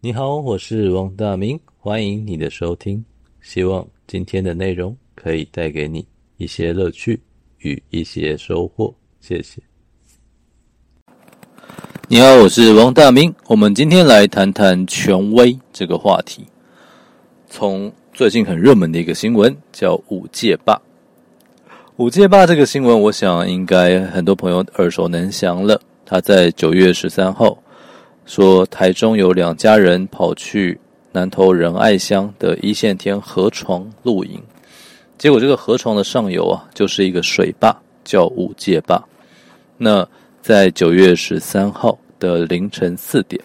你好，我是王大明，歡迎你的收聽。希望今天的內容可以帶給你一些樂趣與一些收穫。謝謝。你好，我是王大明，我們今天來談談權威這個話題。從最近很熱門的一個新聞叫武界壩。武界壩這個新聞，我想應該很多朋友耳熟能詳了。他在九月十三號說，台中有兩家人跑去南投仁愛鄉的一線天河床露營，結果這個河床的上游啊，就是一個水壩叫武界壩。那在九月十三號的凌晨四點，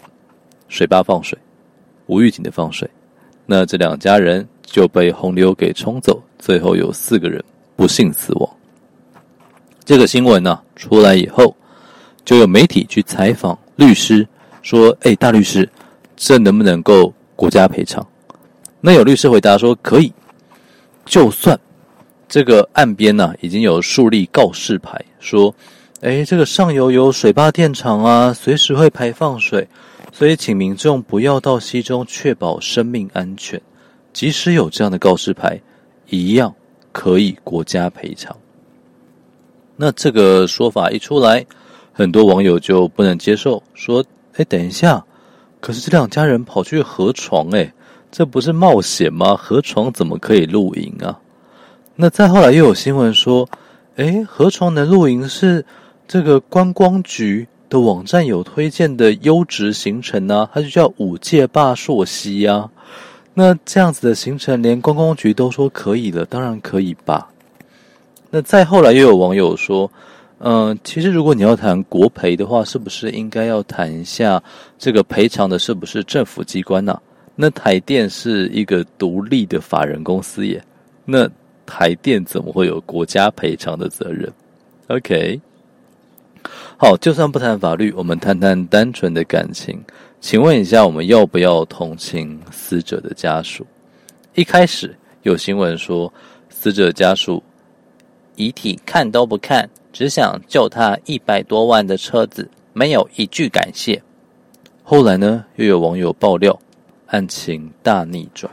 水壩放水，無預警的放水，那這兩家人就被洪流給沖走，最後有四個人。不幸死亡，這個新聞呢、啊、出來以後，就有媒體去採訪律師，說：“哎，大律師，這能不能夠國家賠償？”那有律師回答說：“可以，就算這個岸邊呢、啊、已經有樹立告示牌，說：‘哎，這個上游有水壩電廠啊，隨時會排放水，所以請民眾不要到溪中，確保生命安全。’即使有這樣的告示牌，一樣。”可以國家賠償。那這個說法一出來，很多網友就不能接受，說：“哎，等一下，可是這兩家人跑去河床，哎，這不是冒險嗎？河床怎麼可以露營啊？”那再後來又有新聞說：“哎，河床能露營是這個觀光局的網站有推薦的優質行程啊，它就叫武界壩碩溪啊。”那這樣子的行程，連公共局都說可以了，當然可以吧？那再後來又有網友說，嗯，其實如果你要談國賠的話，是不是應該要談一下這個賠償的是不是政府機關呢？啊？那台電是一個獨立的法人公司耶，那台電怎麼會有國家賠償的責任？OK，好，就算不談法律，我們談談單純的感情。請問一下，我們要不要同情死者的家屬？一開始有新聞說，死者家屬遺體看都不看，只想救他一百多萬的車子，沒有一句感謝。後來呢，又有網友爆料，案情大逆轉。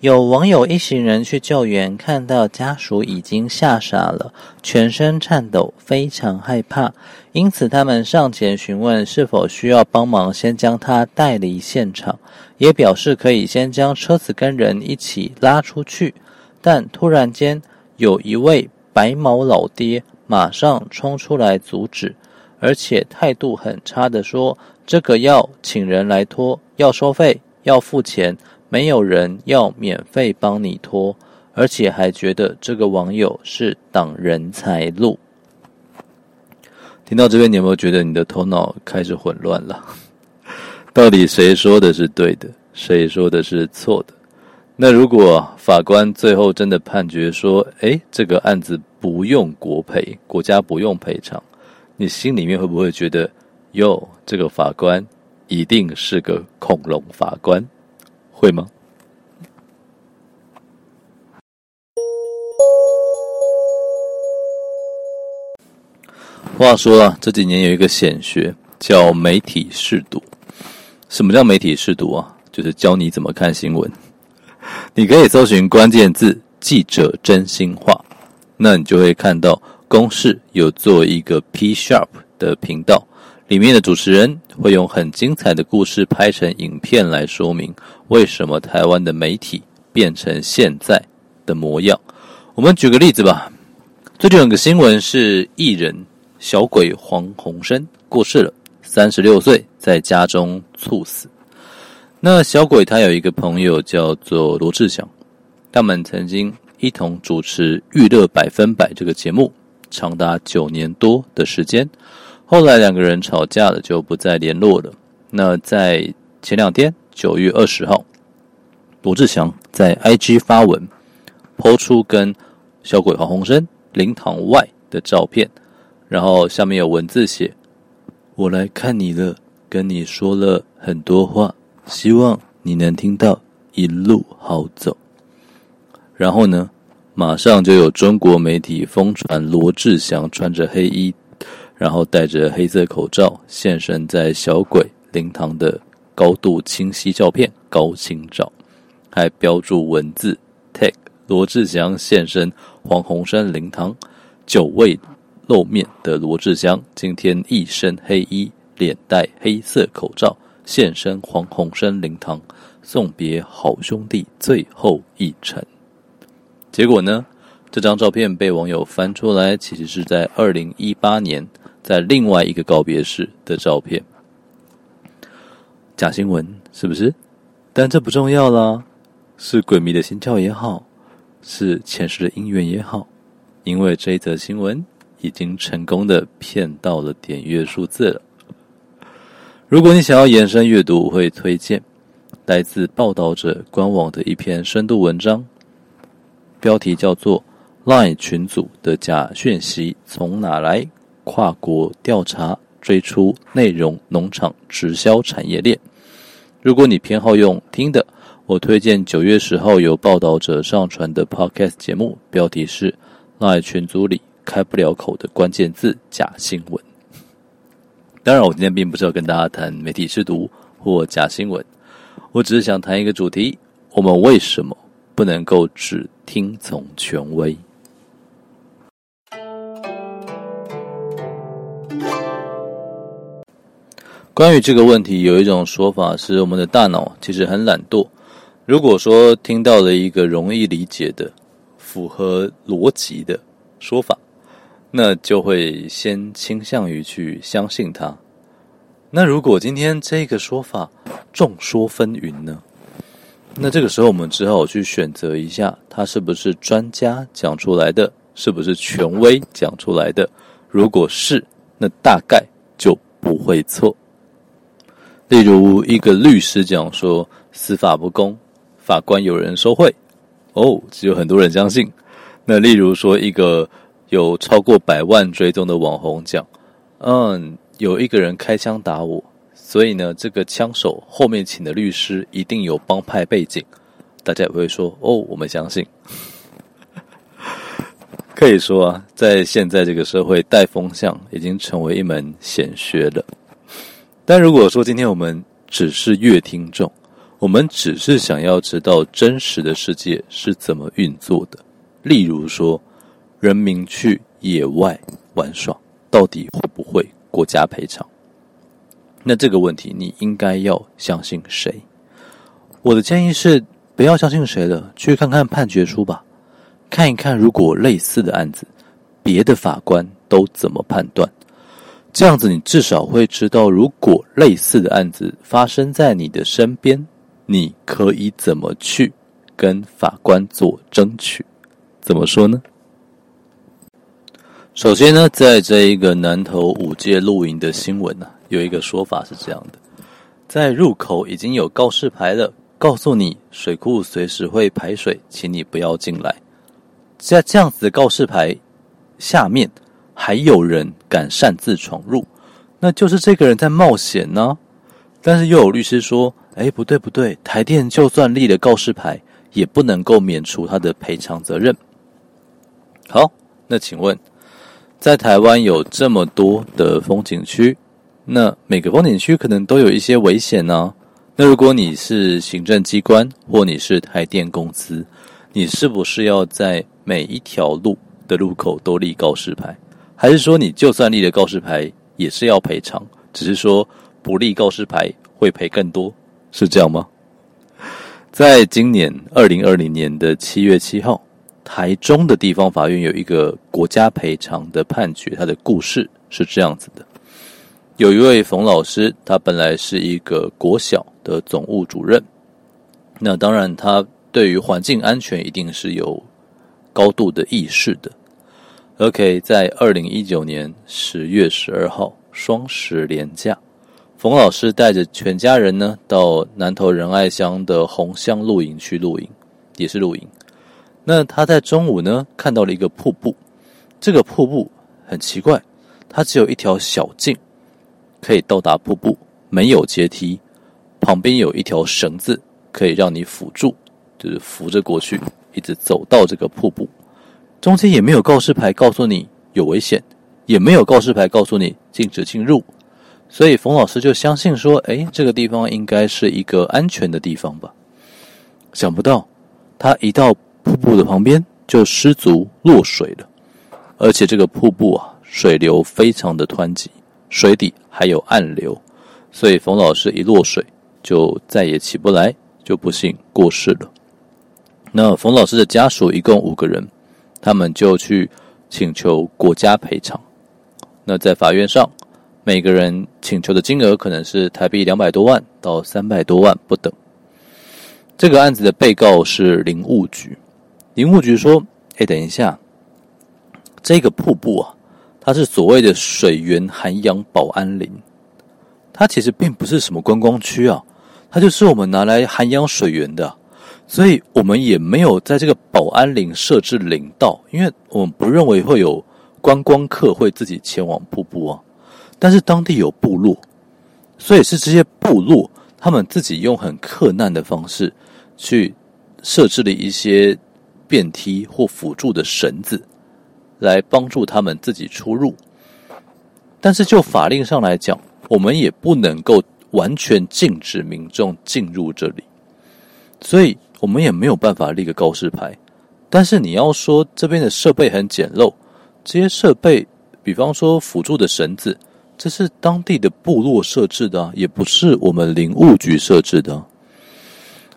有網友一行人去救援，看到家屬已經嚇傻了，全身顫抖，非常害怕。因此，他們上前詢問是否需要幫忙，先將他帶離現場，也表示可以先將車子跟人一起拉出去。但突然間，有一位白毛老爹馬上衝出來阻止，而且態度很差地說：“這個要請人來拖，要收費，要付錢。”沒有人要免費幫你拖，而且還覺得這個網友是擋人財路。聽到這邊，你有沒有覺得你的頭腦開始混亂了？到底誰說的是對的，誰說的是錯的？那如果法官最後真的判決說：“誒，這個案子不用國賠，國家不用賠償”，你心裡面會不會覺得“喲，這個法官一定是個恐龍法官”？會嗎？話說啊，這幾年有一個顯學叫媒體識讀。什麼叫媒體識讀啊？就是教你怎麼看新聞。你可以搜尋關鍵字“記者真心話”，那你就會看到公視有做一個 P Sharp 的頻道。裡面的主持人會用很精彩的故事拍成影片來說明為什麼台灣的媒體變成現在的模樣。我們舉個例子吧。最近有個新聞是藝人小鬼黃鴻升過世了，三十六歲，在家中猝死。那小鬼他有一個朋友叫做羅志祥，他們曾經一同主持《娛樂百分百》這個節目，長達九年多的時間。後來兩個人吵架了，就不再聯絡了。那在前兩天，九月二十號，羅志祥在 IG 發文，PO 出跟小鬼黃鴻升靈堂外的照片，然後下面有文字寫 ：“我來看你了，跟你說了很多話，希望你能聽到，一路好走。”然後呢，馬上就有中國媒體瘋傳羅志祥穿着黑衣。然後戴着黑色口罩現身在小鬼靈堂的高度清晰照片高清照，還標註文字 “tag 羅志祥現身黃鴻升靈堂，久未露面的羅志祥今天一身黑衣，臉戴黑色口罩現身黃鴻升靈堂，送別好兄弟最後一程。”結果呢？這張照片被網友翻出來，其實是在二零一八年。在另外一個告別式的照片，假新聞是不是？但這不重要啦，是鬼迷的心竅也好，是前世的姻緣也好，因為這一則新聞已經成功的騙到了點閱數字了。如果你想要延伸閱讀，我會推薦來自報道者官網的一篇深度文章，標題叫做《Line 群組的假訊息從哪來》。跨國調查追出內容農場直銷產業鏈。如果你偏好用聽的，我推薦九月十號由報道者上傳的 Podcast 節目，標題是《LINE 群組裡開不了口的關鍵字：假新聞》。當然，我今天並不是要跟大家談媒體識讀或假新聞，我只是想談一個主題：我們為什麼不能夠只聽從權威？關於這個問題，有一種說法是，我們的大腦其實很懶惰。如果說聽到了一個容易理解的、符合邏輯的說法，那就會先傾向於去相信它。那如果今天這個說法眾說紛紜呢？那這個時候我們只好去選擇一下，它是不是專家講出來的，是不是權威講出來的？如果是，那大概就不會錯。例如，一個律師講說司法不公，法官有人受賄。哦，只有很多人相信。那例如說，一個有超過百萬追蹤的網紅講，嗯，有一個人開槍打我，所以呢，這個槍手後面請的律師一定有幫派背景，大家也不會說哦，我們相信。 可以說啊，在現在這個社會，帶風向已經成為一門顯學了。但如果說今天我們只是閱聽眾，我們只是想要知道真實的世界是怎麼運作的，例如說，人民去野外玩耍，到底會不會國家賠償？那這個問題你應該要相信誰？我的建議是不要相信誰的，去看看判決書吧，看一看如果類似的案子，別的法官都怎麼判斷。這樣子，你至少會知道，如果類似的案子發生在你的身邊，你可以怎麼去跟法官做爭取？怎麼說呢？首先呢，在這一個南投武界露營的新聞呢、啊，有一個說法是這樣的：在入口已經有告示牌了，告訴你水庫隨時會排水，請你不要進來。在這樣子的告示牌下面。還有人敢擅自闖入，那就是這個人在冒險呢。但是又有律師說：“哎，不對不對，台電就算立了告示牌，也不能夠免除他的賠償責任。”好，那請問，在台灣有這麼多的風景區，那每個風景區可能都有一些危險呢。那如果你是行政機關或你是台電公司，你是不是要在每一條路的路口都立告示牌？還是說，你就算立了告示牌，也是要賠償，只是說不立告示牌會賠更多，是這樣嗎？在今年二零二零年的七月七號，台中的地方法院有一個國家賠償的判決，它的故事是這樣子的：有一位馮老師，他本來是一個國小的總務主任，那當然，他對於環境安全一定是有高度的意識的。OK，在二零一九年十月十二號雙十連假，馮老師帶着全家人呢到南投仁愛鄉的紅香露營去露營，也是露營。那他在中午呢看到了一個瀑布，這個瀑布很奇怪，它只有一條小徑可以到達瀑布，沒有階梯，旁邊有一條繩子可以讓你輔助，就是扶着過去，一直走到這個瀑布。中間也沒有告示牌告訴你有危險，也沒有告示牌告訴你禁止進入，所以馮老師就相信說：“哎，這個地方應該是一個安全的地方吧？”想不到，他一到瀑布的旁邊就失足落水了，而且這個瀑布啊，水流非常的湍急，水底還有暗流，所以馮老師一落水就再也起不來，就不幸過世了。那馮老師的家屬一共五個人。他們就去請求國家賠償。那在法院上，每個人請求的金額可能是台幣兩百多萬到三百多萬不等。這個案子的被告是林務局。林務局說：“哎，等一下，這個瀑布啊，它是所謂的水源涵養保安林，它其實並不是什麼觀光區啊，它就是我們拿來涵養水源的。”所以我們也沒有在這個保安林設置領道，因為我們不認為會有觀光客會自己前往瀑布啊。但是當地有部落，所以是這些部落他們自己用很克難的方式去設置了一些便梯或輔助的繩子，來幫助他們自己出入。但是就法令上來講，我們也不能夠完全禁止民眾進入這裡，所以。我們也沒有辦法立個告示牌，但是你要說這邊的設備很簡陋，這些設備，比方說輔助的繩子，這是當地的部落設置的啊，也不是我們林務局設置的啊。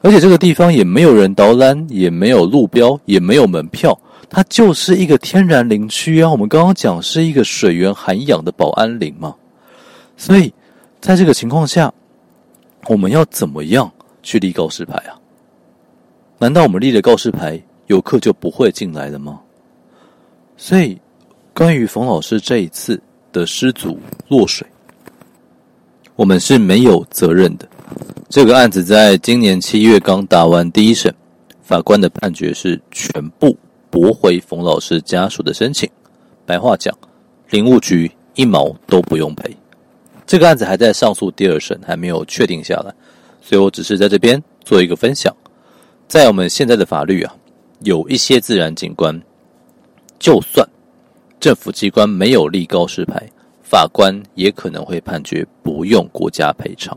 而且這個地方也沒有人導覽，也沒有路標，也沒有門票，它就是一個天然林區啊。我們剛剛講是一個水源涵養的保安林嘛，所以在這個情況下，我們要怎麼樣去立告示牌啊？難道我們立了告示牌，遊客就不會進來了嗎？所以，關於馮老師這一次的失足落水，我們是沒有責任的。這個案子在今年七月剛打完第一審，法官的判決是全部駁回馮老師家屬的申請。白話講，林務局一毛都不用賠。這個案子還在上訴第二審，還沒有確定下來，所以我只是在這邊做一個分享。在我們現在的法律啊，有一些自然景觀，就算政府機關沒有立告示牌，法官也可能會判決不用國家賠償。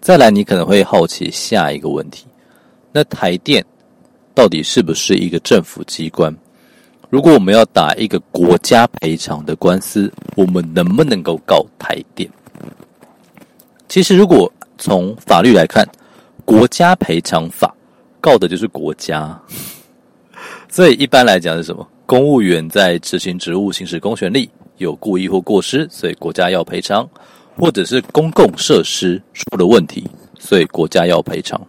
再來，你可能會好奇下一個問題：那台電到底是不是一個政府機關？如果我們要打一個國家賠償的官司，我們能不能夠告台電？其實，如果從法律來看，國家賠償法告的就是國家， 所以一般來講是什麼？公務員在執行職務、行使公權力有故意或過失，所以國家要賠償；或者是公共設施出了問題，所以國家要賠償。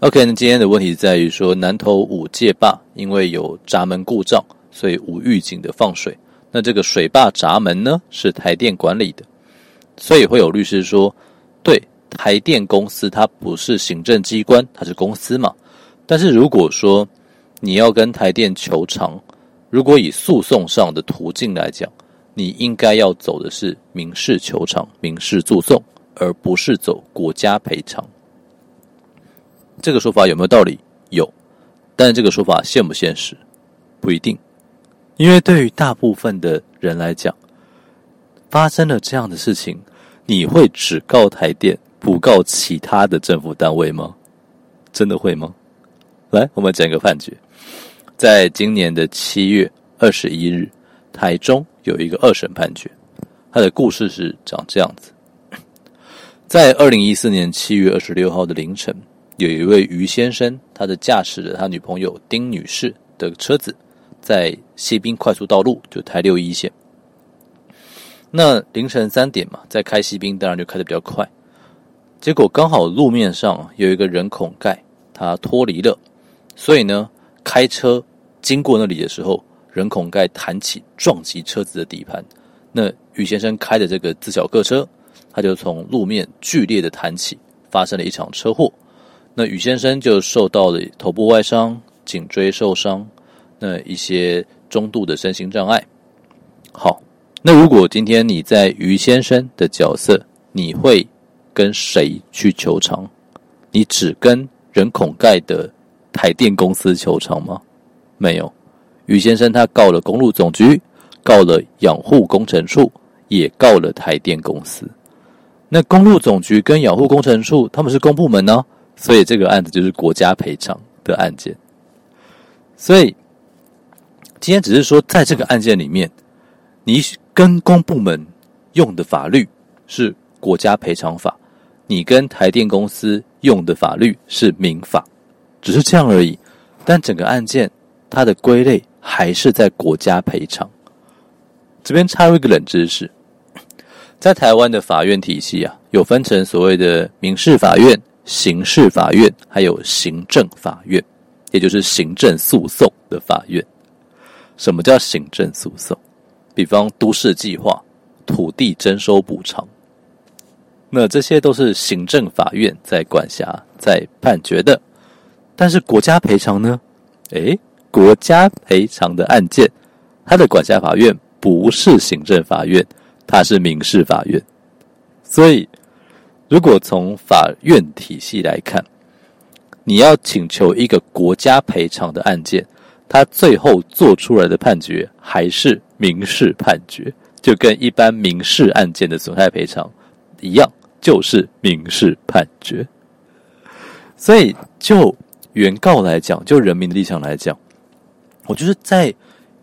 OK，那今天的問題在於說，南投武界壩因為有閘門故障，所以無預警的放水。那這個水壩閘、閘門呢，是台電管理的，所以會有律師說對。台電公司它不是行政機關，它是公司嘛。但是如果說你要跟台電求償，如果以訴訟上的途徑來講，你應該要走的是民事求償、民事訴訟，而不是走國家賠償。這個說法有沒有道理？有，但是這個說法現不現實？不一定，因為對於大部分的人來講，發生了這樣的事情，你會只告台電。不告其他的政府單位嗎？真的會嗎？來，我們講一個判決。在今年的七月二十一日，台中有一個二審判決。他的故事是長這樣子：在二零一四年七月二十六號的凌晨，有一位余先生，他的駕駛着他女朋友丁女士的車子，在西濱快速道路，就是、台六一線。那凌晨三點嘛，在開西濱當然就開得比較快。結果剛好路面上有一個人孔蓋，他脫離了，所以呢，開車經過那裡的時候，人孔蓋彈起，撞擊車子的底盤。那於先生開的這個自小客車，他就從路面劇烈的彈起，發生了一場車禍。那於先生就受到了頭部外傷、頸椎受傷，那一些中度的身心障礙。好，那如果今天你在於先生的角色，你會？跟誰去求償？你只跟人孔蓋的台電公司求償嗎？沒有，余先生他告了公路總局，告了養護工程處，也告了台電公司。那公路總局跟養護工程處他們是公部門呢、啊，所以這個案子就是國家賠償的案件。所以今天只是說，在這個案件裡面，你跟公部門用的法律是國家賠償法。你跟台電公司用的法律是民法，只是這樣而已。但整個案件它的歸類還是在國家賠償。這邊插入一個冷知識，在台灣的法院體系啊，有分成所謂的民事法院、刑事法院，還有行政法院，也就是行政訴訟的法院。什麼叫行政訴訟？比方都市計劃、土地徵收補償。那這些都是行政法院在管轄、在判決的，但是國家賠償呢？誒，國家賠償的案件，它的管轄法院不是行政法院，它是民事法院。所以，如果從法院體系來看，你要請求一個國家賠償的案件，它最後做出來的判決還是民事判決，就跟一般民事案件的損害賠償一樣。就是民事判決，所以就原告來講，就人民的立場來講，我就是在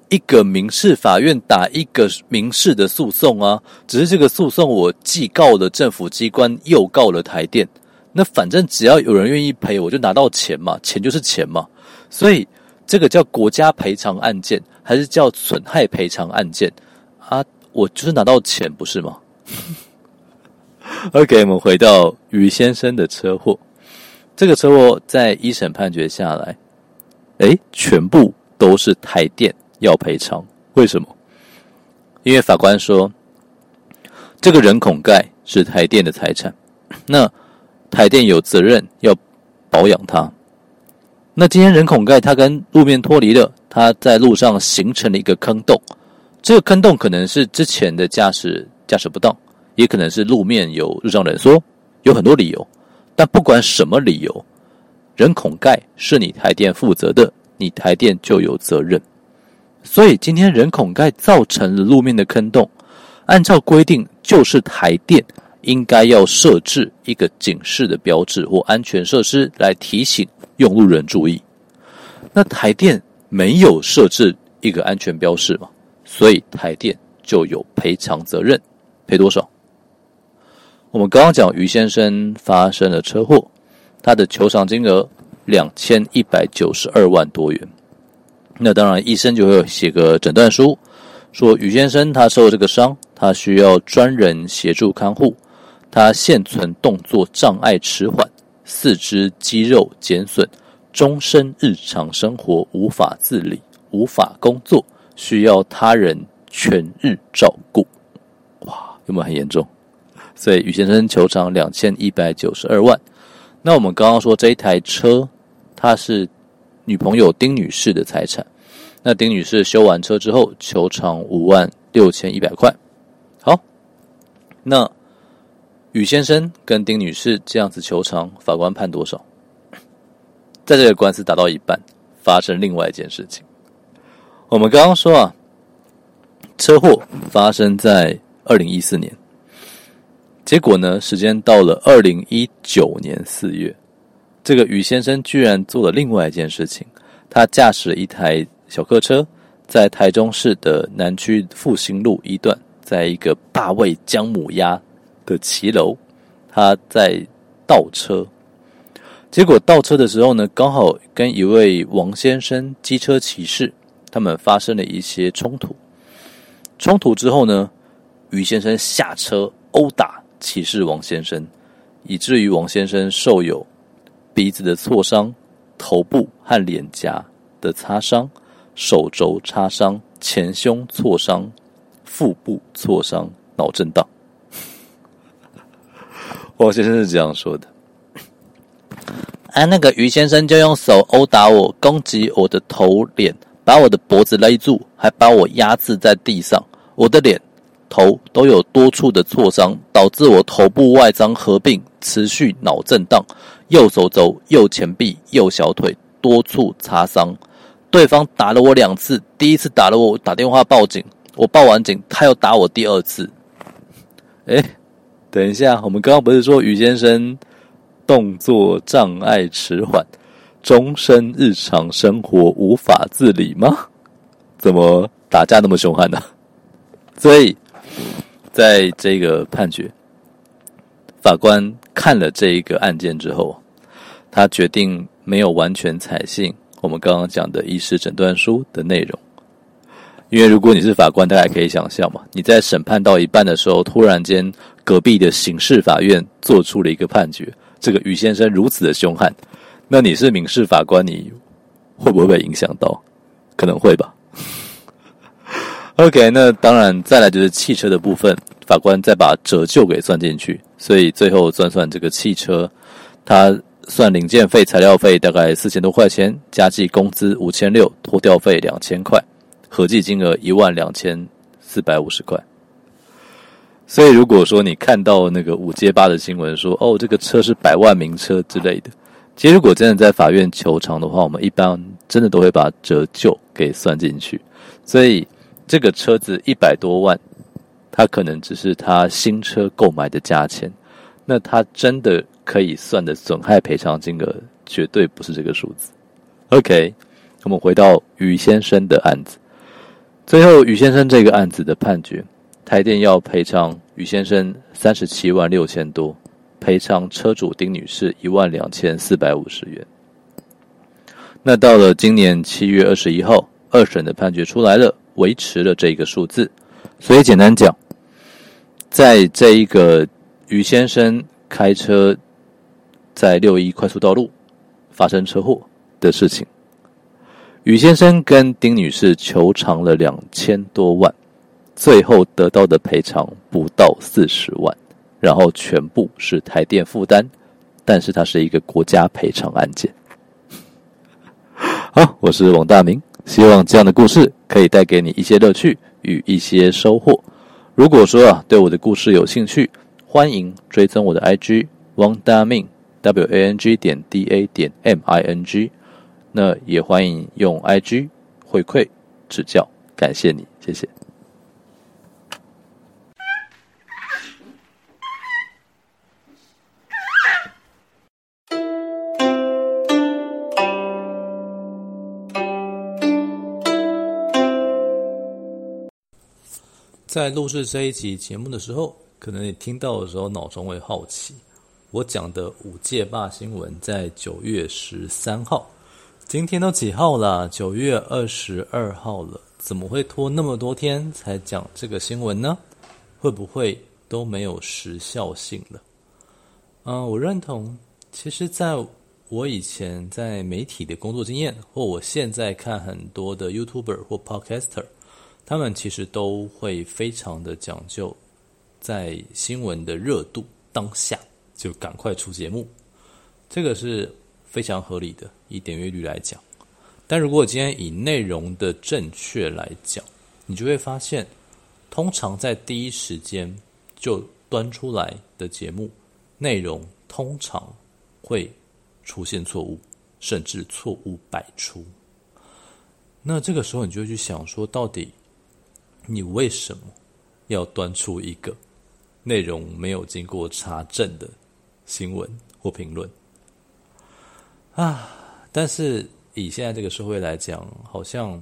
一個民事法院打一個民事的訴訟啊。只是這個訴訟，我既告了政府機關，又告了台電。那反正只要有人願意賠，我就拿到錢嘛，錢就是錢嘛。所以這個叫國家賠償案件，還是叫損害賠償案件啊？我就是拿到錢，不是嗎？ OK，我們回到於先生的車禍。這個車禍在一審判決下來，誒，全部都是台電要賠償。為什麼？因為法官說，這個人孔蓋是台電的財產，那台電有責任要保養它。那今天人孔蓋它跟路面脫離了，它在路上形成了一個坑洞。這個坑洞可能是之前的駕駛駕駛不當。也可能是路面有熱脹冷縮，有很多理由，但不管什麼理由，人孔蓋是你台電負責的，你台電就有責任。所以今天人孔蓋造成了路面的坑洞，按照規定就是台電應該要設置一個警示的標志或安全設施來提醒用路人注意。那台電沒有設置一個安全標識嘛？所以台電就有賠償責任，賠多少？我們剛剛講於先生發生了車禍，他的求償金額兩千一百九十二萬多元。那當然，醫生就會寫個診斷書，說於先生他受了這個傷，他需要專人協助看護，他現存動作障礙遲緩，四肢肌肉減損，終身日常生活無法自理，無法工作，需要他人全日照顧。哇，有沒有很嚴重？所以，宇先生求償兩千一百九十二萬。那我們剛剛說這一台車，它是女朋友丁女士的財產。那丁女士修完車之後，求償五萬六千一百塊。好，那宇先生跟丁女士這樣子求償，法官判多少？在這個官司打到一半，發生另外一件事情。我們剛剛說啊，車禍發生在二零一四年。結果呢，時間到了二零一九年四月，這個於先生居然做了另外一件事情。他駕駛了一台小客車，在台中市的南區復興路一段，在一個霸味薑母鴨的騎樓，他在倒車。結果倒車的時候呢，剛好跟一位王先生機車騎士，他們發生了一些衝突。衝突之後呢，於先生下車毆打。歧視王先生，以至於王先生受有鼻子的挫傷、頭部和臉頰的擦傷、手肘擦傷、前胸挫傷、腹部挫傷、腦震盪。王先生是這樣說的：“哎、啊，那個於先生就用手毆打我，攻擊我的頭臉，把我的脖子勒住，還把我壓制在地上，我的臉。”頭都有多處的挫傷，導致我頭部外傷合併持續腦震盪。右手肘、右前臂、右小腿多處擦傷。對方打了我兩次，第一次打了我，我打電話報警，我報完警他又打我第二次。哎、欸，等一下，我們剛剛不是說於先生動作障礙遲緩，終身日常生活無法自理嗎？怎麼打架那麼凶悍呢、啊？所以。在這個判決，法官看了這一個案件之後，他決定沒有完全採信我們剛剛講的醫師診斷書的內容，因為如果你是法官，大家可以想象嘛，你在審判到一半的時候，突然間隔壁的刑事法院做出了一個判決，這個於先生如此的凶悍，那你是民事法官，你會不會被影響到？可能會吧。OK，那當然，再來就是汽車的部分，法官再把折舊給算進去，所以最後算算這個汽車，它算零件費、材料費大概四千多塊錢，加計工資五千六，拖吊費兩千塊，合計金額一萬兩千四百五十塊。所以，如果說你看到那個五街八的新聞說，說哦，這個車是百萬名車之類的，其實如果真的在法院求償的話，我們一般真的都會把折舊給算進去，所以。這個車子一百多萬，它可能只是它新車購買的價錢。那它真的可以算的損害賠償金額，絕對不是這個數字。OK，我們回到於先生的案子。最後，於先生這個案子的判決，台電要賠償於先生三十七萬六千多，賠償車主丁女士一萬兩千四百五十元。那到了今年七月二十一號，二審的判決出來了。維持了這個數字，所以簡單講，在這一個於先生開車在六一快速道路發生車禍的事情，於先生跟丁女士求償了兩千多萬，最後得到的賠償不到四十萬，然後全部是台電負擔，但是它是一個國家賠償案件。好，我是王大明。希望這樣的故事可以帶給你一些樂趣與一些收穫。如果說啊，對我的故事有興趣，歡迎追蹤我的 IG 王大明 W A N G 點 D A 點 M I N G。那也歡迎用 IG 回饋指教，感謝你，謝謝。在錄製這一集節目的時候，可能你聽到的時候腦中會好奇，我講的武界壩新聞在九月十三號，今天都幾號了？九月二十二號了，怎麼會拖那麼多天才講這個新聞呢？會不會都沒有時效性了？嗯、呃，我認同。其實，在我以前在媒體的工作經驗，或我現在看很多的 YouTuber 或 Podcaster。他們其實都會非常的講究，在新聞的熱度當下就趕快出節目，這個是非常合理的，以點閱率來講。但如果今天以內容的正確來講，你就會發現，通常在第一時間就端出來的節目內容，通常會出現錯誤，甚至錯誤百出。那這個時候你就去想說，到底？你為什麼要端出一個內容沒有經過查證的新聞或評論啊？但是以現在這個社會來講，好像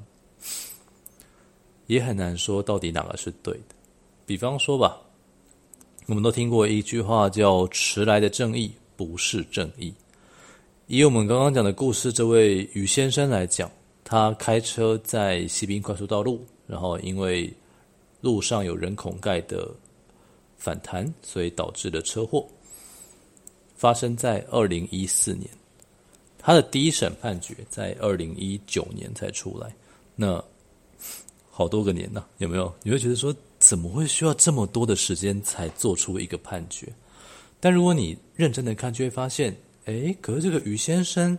也很難說到底哪個是對的。比方說吧，我們都聽過一句話叫“遲來的正義不是正義”。以我們剛剛講的故事，這位余先生來講，他開車在西濱快速道路。然後，因為路上有人孔蓋的反彈，所以導致的車禍發生在二零一四年。他的第一審判決在二零一九年才出來，那好多個年呢，啊，有沒有？你會覺得說，怎麼會需要這麼多的時間才做出一個判決？但如果你認真的看，就會發現，哎，可是這個於先生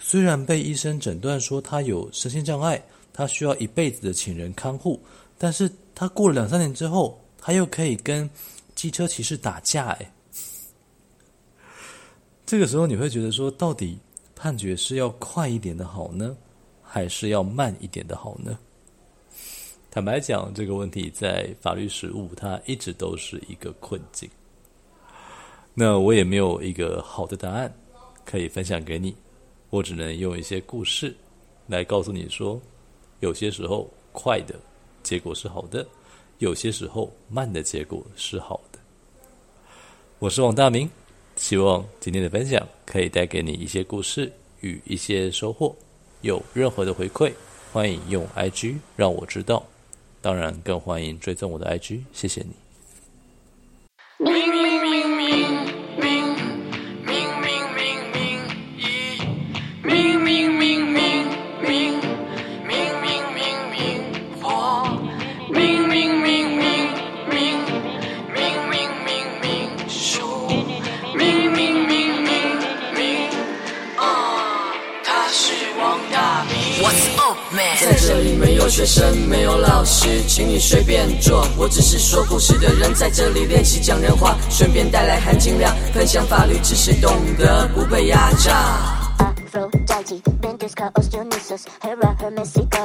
雖然被醫生診斷說他有身心障礙。他需要一輩子的請人看護，但是他過了兩三年之後，他又可以跟機車騎士打架。哎，這個時候你會覺得說，到底判決是要快一點的好呢？還是要慢一點的好呢？坦白講，這個問題在法律實務，它一直都是一個困境。那我也沒有一個好的答案可以分享給你，我只能用一些故事來告訴你說。有些時候快的結果是好的，有些時候慢的結果是好的。我是王大明，希望今天的分享可以帶給你一些故事與一些收穫。有任何的回饋，歡迎用 IG 讓我知道。當然更歡迎追蹤我的 IG，謝謝你。鳴鳴鳴鳴隨便做，我只是說故事的人，在這裡練習講人話，順便帶來含金量，分享法律知識，懂得不被壓榨、啊。Phrodite,